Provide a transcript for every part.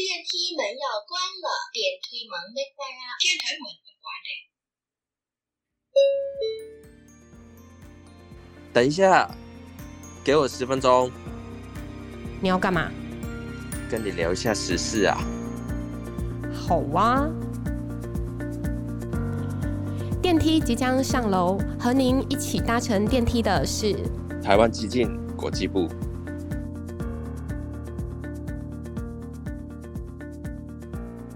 電梯門要關了，電梯門沒關啊！電梯門沒關的、欸。等一下，給我十分鐘。你要幹嘛？跟你聊一下時事啊。好哇、啊。電梯即將上樓，和您一起搭乘電梯的是台灣基進國際部。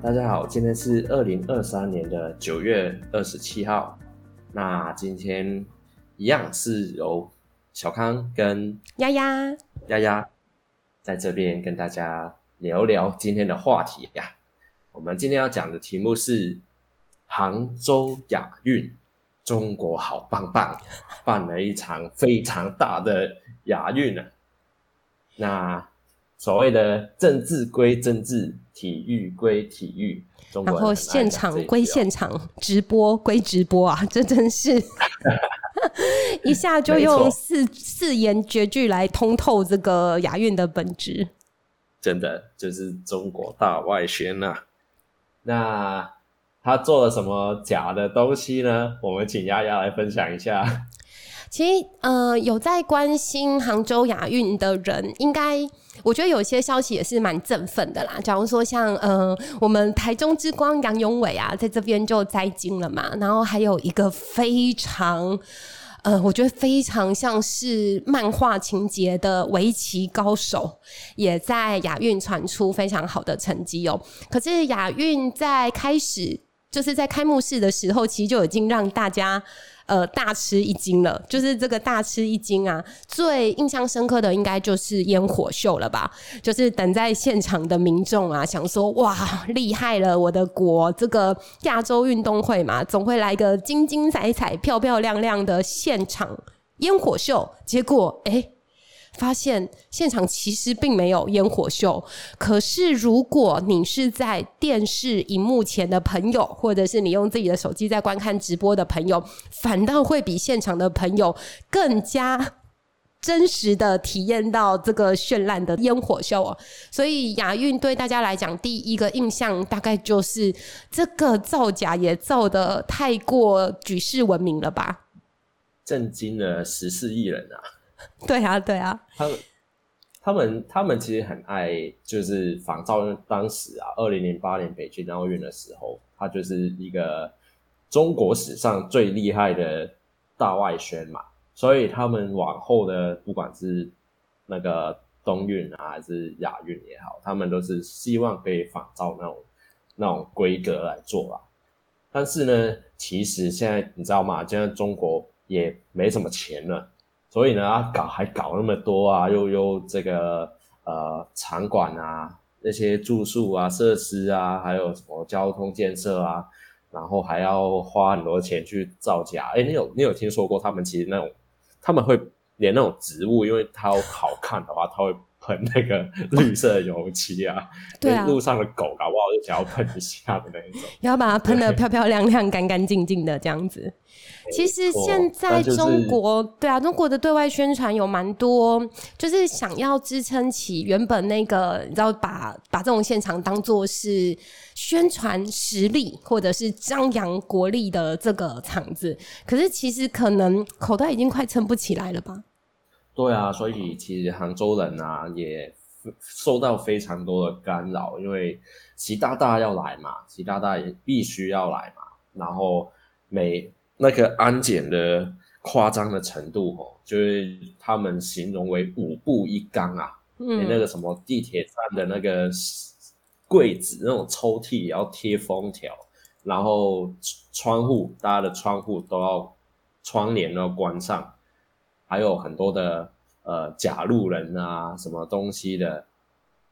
大家好，今天是二零二三年的九月二十七號。那今天一樣是由小康跟丫丫、丫丫在這邊跟大家聊聊今天的話題呀、啊。我們今天要講的題目是杭州亞運，中國好棒棒，辦了一場非常大的亞運啊。那。所謂的政治歸政治，體育歸體育，中國啊、然後現場歸現場，直播歸直播啊！這真是 一下就用四，沒錯，四言絕句來通透這個亞運的本質，真的就是中國大外宣吶、啊。那他做了什麼假的東西呢？我們請丫丫來分享一下。其實，呃，有在關心杭州亞運的人，應該。我覺得有些消息也是蠻振奮的啦。假如說像呃，我們台中之光楊勇緯啊，在這邊就摘金了嘛。然後還有一個非常呃，我覺得非常像是漫畫情節的圍棋高手，也在亞運傳出非常好的成績哦。可是亞運在開始就是在開幕式的時候，其實就已經讓大家。呃，大吃一驚了，就是這個大吃一驚啊！最印象深刻的應該就是煙火秀了吧？就是等在現場的民眾啊，想說哇，厲害了，我的國！這個亞洲運動會嘛，總會來一個精精彩彩、漂漂亮亮的現場煙火秀，結果，哎。欸發現現場其實並沒有煙火秀，可是如果你是在電視熒幕前的朋友，或者是你用自己的手機在觀看直播的朋友，反倒會比現場的朋友更加真實地體驗到這個絢爛的煙火秀啊！所以亞運對大家來講，第一個印象大概就是這個造假也造得太過舉世聞名了吧？震驚了十四億人啊！對啊，對啊，他們、他們、他們其實很愛，就是仿照當時啊，二零零八年北京奧運的時候，他就是一個中國史上最厲害的大外宣嘛，所以他們往後的不管是那個冬運啊，還是亞運也好，他們都是希望可以仿照那種那種規格來做啦。但是呢，其實現在你知道嗎？現在中國也沒什麼錢了。所以呢，啊、搞還搞那麼多啊，又又這個呃場館啊，那些住宿啊、設施啊，還有什麼交通建設啊，然後還要花很多錢去造假。哎、欸，你有你有聽說過他們其實那種，他們會連那種植物，因為它好看的話，他會。噴那個綠色油漆啊， 對啊、欸、路上的狗搞不好就想要噴一下的那種， 要把它噴的漂漂亮亮、乾乾淨淨的這樣子。其實現在中國，就是、對啊，中國的對外宣傳有蠻多，就是想要支撐起原本那個，你知道，把把這種現場當做是宣傳實力或者是張揚國力的這個場子。可是其實可能口袋已經快撐不起來了吧。對啊，所以其實杭州人啊也受到非常多的干擾，因為習大大要來嘛，習大大也必須要來嘛。然後每那個安檢的誇張的程度哦，就是他們形容為五步一崗啊，嗯、欸，那個什麼地鐵站的那個櫃子那種抽屜也要貼封條，然後窗戶大家的窗戶都要窗簾都要關上。還有很多的呃假路人啊，什麼東西的，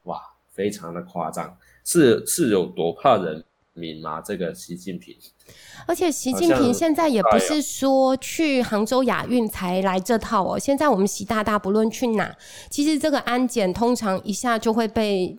哇，非常的誇張，是是有多怕人民嗎？這個習近平。而且習近平現在也不是說去杭州亞運才來這套哦、喔。現在我們習大大不論去哪，其實這個安檢通常一下就會被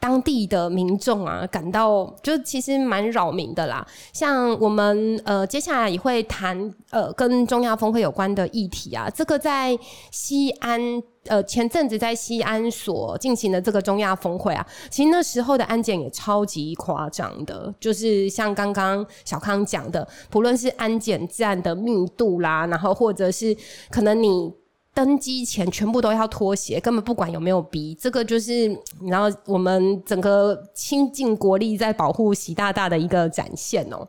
當地的民眾啊感到，就其實蠻擾民的啦。像我們呃接下來也會談呃跟中亞峰會有關的議題啊，這個在西安呃前陣子在西安所進行的這個中亞峰會啊，其實那時候的安檢也超級誇張的，就是像剛剛小。剛講的，不論是安檢站的密度啦，然後或者是可能你登機前全部都要脫鞋，根本不管有沒有嗶，這個就是然後我們整個傾盡國力在保護習大大的一個展現哦。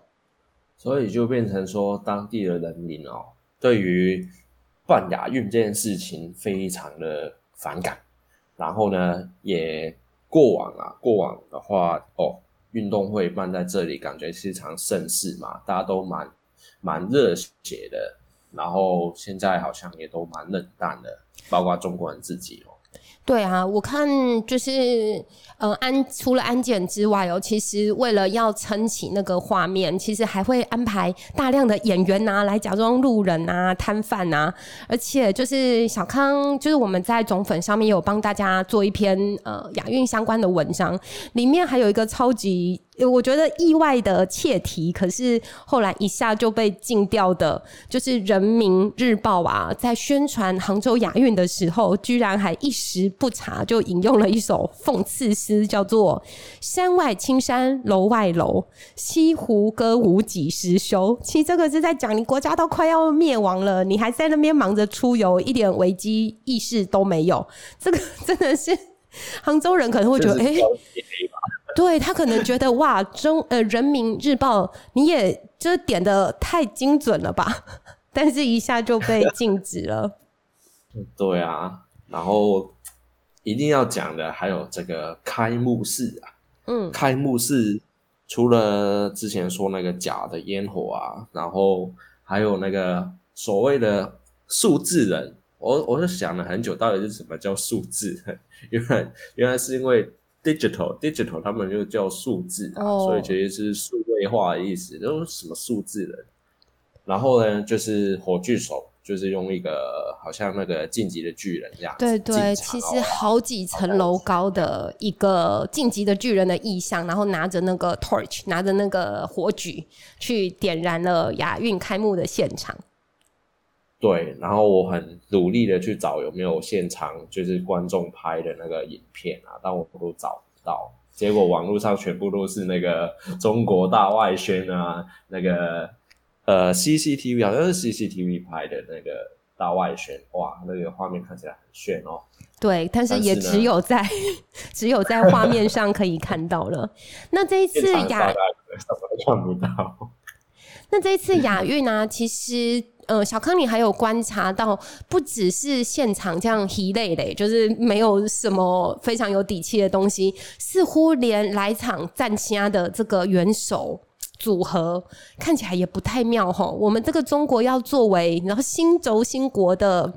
所以就變成說，當地的人民哦，對於辦亞運這件事情非常的反感。然後呢，也過往啊，過往的話哦。運動會辦在這裡，感覺是一場盛事嘛，大家都蠻蠻熱血的，然後現在好像也都蠻冷淡的，包括中國人自己哦、喔。對啊，我看就是呃安，除了安檢之外哦，其實為了要撐起那個畫面，其實還會安排大量的演員吶、啊、來假裝路人啊、攤販啊，而且就是小康，就是我們在總粉上面也有幫大家做一篇呃亞運相關的文章，裡面還有一個超級。欸、我覺得意外的切題，可是後來一下就被禁掉的，就是《人民日報》啊，在宣傳杭州亞運的時候，居然還一時不察，就引用了一首諷刺詩，叫做“山外青山樓外樓，西湖歌舞幾時休”。其實這個是在講你國家都快要滅亡了，你還在那邊忙着出遊，一點危機意識都沒有。這個真的是杭州人可能會覺得，誒、欸對他可能覺得哇中呃人民日報，你也這點得太精準了吧，但是一下就被禁止了。 對啊，然後一定要講的還有這個開幕式啊，嗯，開幕式除了之前說那個假的煙火啊，然後還有那個所謂的數字人，我我就想了很久，到底是什麼叫數字人？原來原來是因為。Digital，digital，Digital 他們就叫數字哦、啊，oh. 所以其實是數位化的意思，都是什麼數字的。然後呢，就是火炬手，就是用一個好像那個進擊的巨人一樣，對，對對，後其實好幾層樓高的一個進擊的巨人的意象，然後拿着那個 torch，拿着那個火炬去點燃了亞運開幕的現場。對，然後我很努力的去找有沒有現場就是觀眾拍的那個影片啊，但我都找不到。結果網絡上全部都是那個中國大外宣啊，那個呃 CCTV 好像是 CCTV 拍的那個大外宣，哇，那個畫面看起來很炫哦。對，但是也只有在 只有在畫面上可以看到了。 那這一次亞，什那這一次亞運啊，其實。嗯，小康，你還有觀察到，不只是現場這樣疲累嘞，就是沒有什麼非常有底氣的東西，似乎連來場戰親啊的這個元首組合看起來也不太妙吼，我們這個中國要作為然後新軸心國的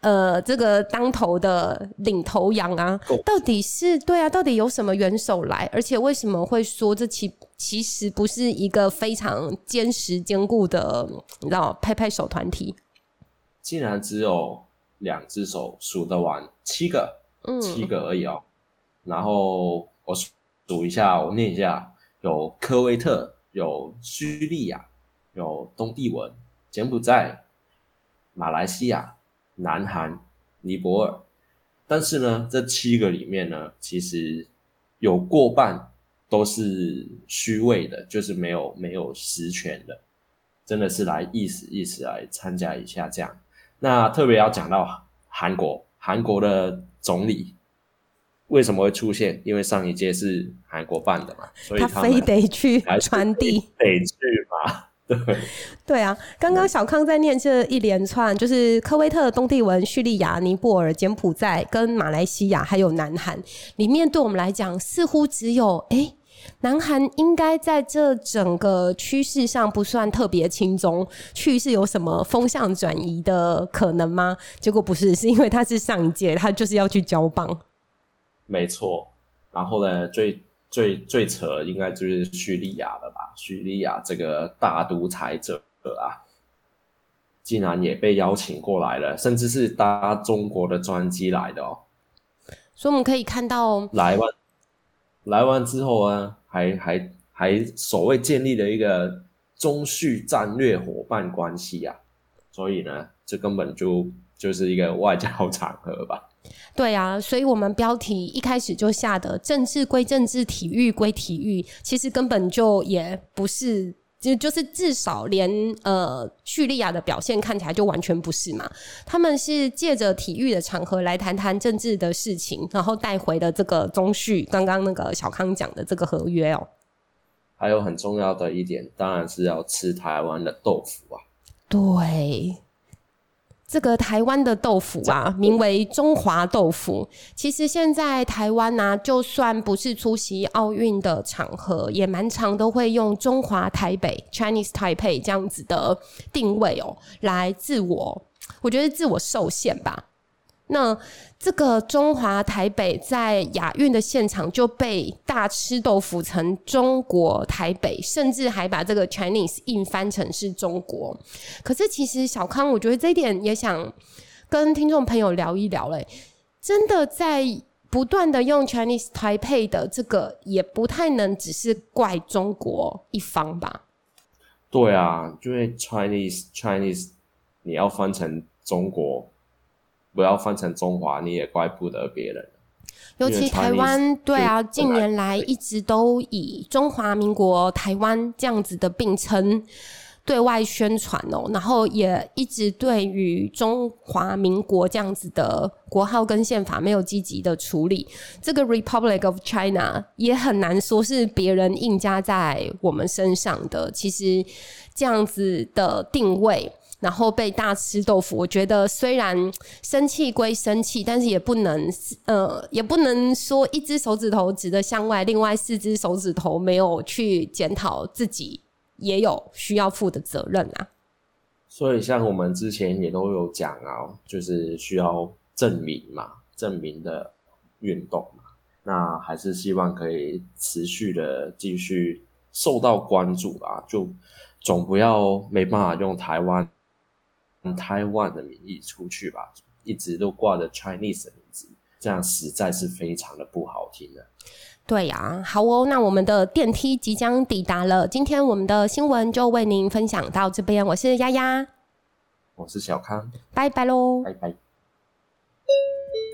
呃這個當頭的領頭羊啊，嗯、到底是對啊？到底有什麼元首來？而且為什麼會說這期？其實不是一個非常堅實堅固的，你知道，拍拍手團體。竟然只有兩隻手數得完七個，嗯、七個而已哦。然後我數一下，我念一下：有科威特，有敘利亞，有東帝汶，柬埔寨，馬來西亞，南韓，尼泊爾。但是呢，這七個裡面呢，其實有過半。都是虛位的，就是沒有沒有實權的，真的是來意思意思來參加一下這樣。那特別要講到韓國，韓國的總理為什麼會出現？因為上一屆是韓國辦的嘛，所以他，得他非得去傳遞，得去嘛。對對啊，剛剛小康在念這一連串，嗯、就是科威特、東帝汶、敘利亞、尼泊爾、柬埔寨跟馬來西亞，還有南韓裡面，對我們來講似乎只有哎。欸南韓應該在這整個趨勢上不算特別輕鬆，趨勢有什麼風向轉移的可能嗎？結果不是，是因為他是上一屆，他就是要去交棒。沒錯，然後呢，最最最扯，應該就是敘利亞了吧？敘利亞這個大獨裁者啊，竟然也被邀請過來了，甚至是搭中國的專機來的哦、喔。所以我們可以看到，來來完之後啊，還還還所謂建立了一個中敘戰略夥伴關係啊，所以呢，這根本就就是一個外交場合吧。對啊，所以我們標題一開始就下的政治歸政治，體育歸體育，其實根本就也不是。就就是至少連呃敘利亞的表現看起來就完全不是嘛，他們是借着體育的場合來談談政治的事情，然後帶回了這個中敘剛剛那個小康講的這個合約哦、喔。還有很重要的一點，當然是要吃台灣的豆腐啊。對。這個台灣的豆腐啊，名為中華豆腐。其實現在台灣吶，就算不是出席奧運的場合，也蠻常都會用中華台北、Chinese Taipei 這樣子的定位哦，來自我，我覺得自我受限吧。那這個中華台北在亞運的現場就被大吃豆腐成中國台北，甚至還把這個 Chinese 硬翻成是中國。可是其實小康，我覺得這一點也想跟聽眾朋友聊一聊嘞、欸。真的在不斷的用 Chinese 台北的這個，也不太能只是怪中國一方吧？對啊，因、就、為、是、Chinese Chinese 你要翻成中國。不要翻成中華，你也怪不得別人。尤其台灣，對啊，近年來一直都以中華民國、台灣這樣子的並稱對外宣傳哦，然後也一直對於中華民國這樣子的國號跟憲法沒有積極的處理，這個 Republic of China 也很難說是別人硬加在我們身上的。其實這樣子的定位，然後被大吃豆腐，我覺得雖然生氣歸生氣，但是也不能呃，也不能說一只手指頭指的向外，另外四只手指頭沒有去檢討自己，也有需要負的責任啊。所以像我們之前也都有講啊，就是需要正名嘛，正名的運動嘛，那還是希望可以持續的繼續受到關注啊，就總不要沒辦法用台灣。用台灣的名義出去吧，一直都掛着 Chinese 的名字，這樣實在是非常的不好聽的啊。對呀，好哦，那我們的電梯即將抵達了。今天我們的新聞就為您分享到這邊，我是丫丫，我是小康，拜拜嘍，bye bye. 拜拜。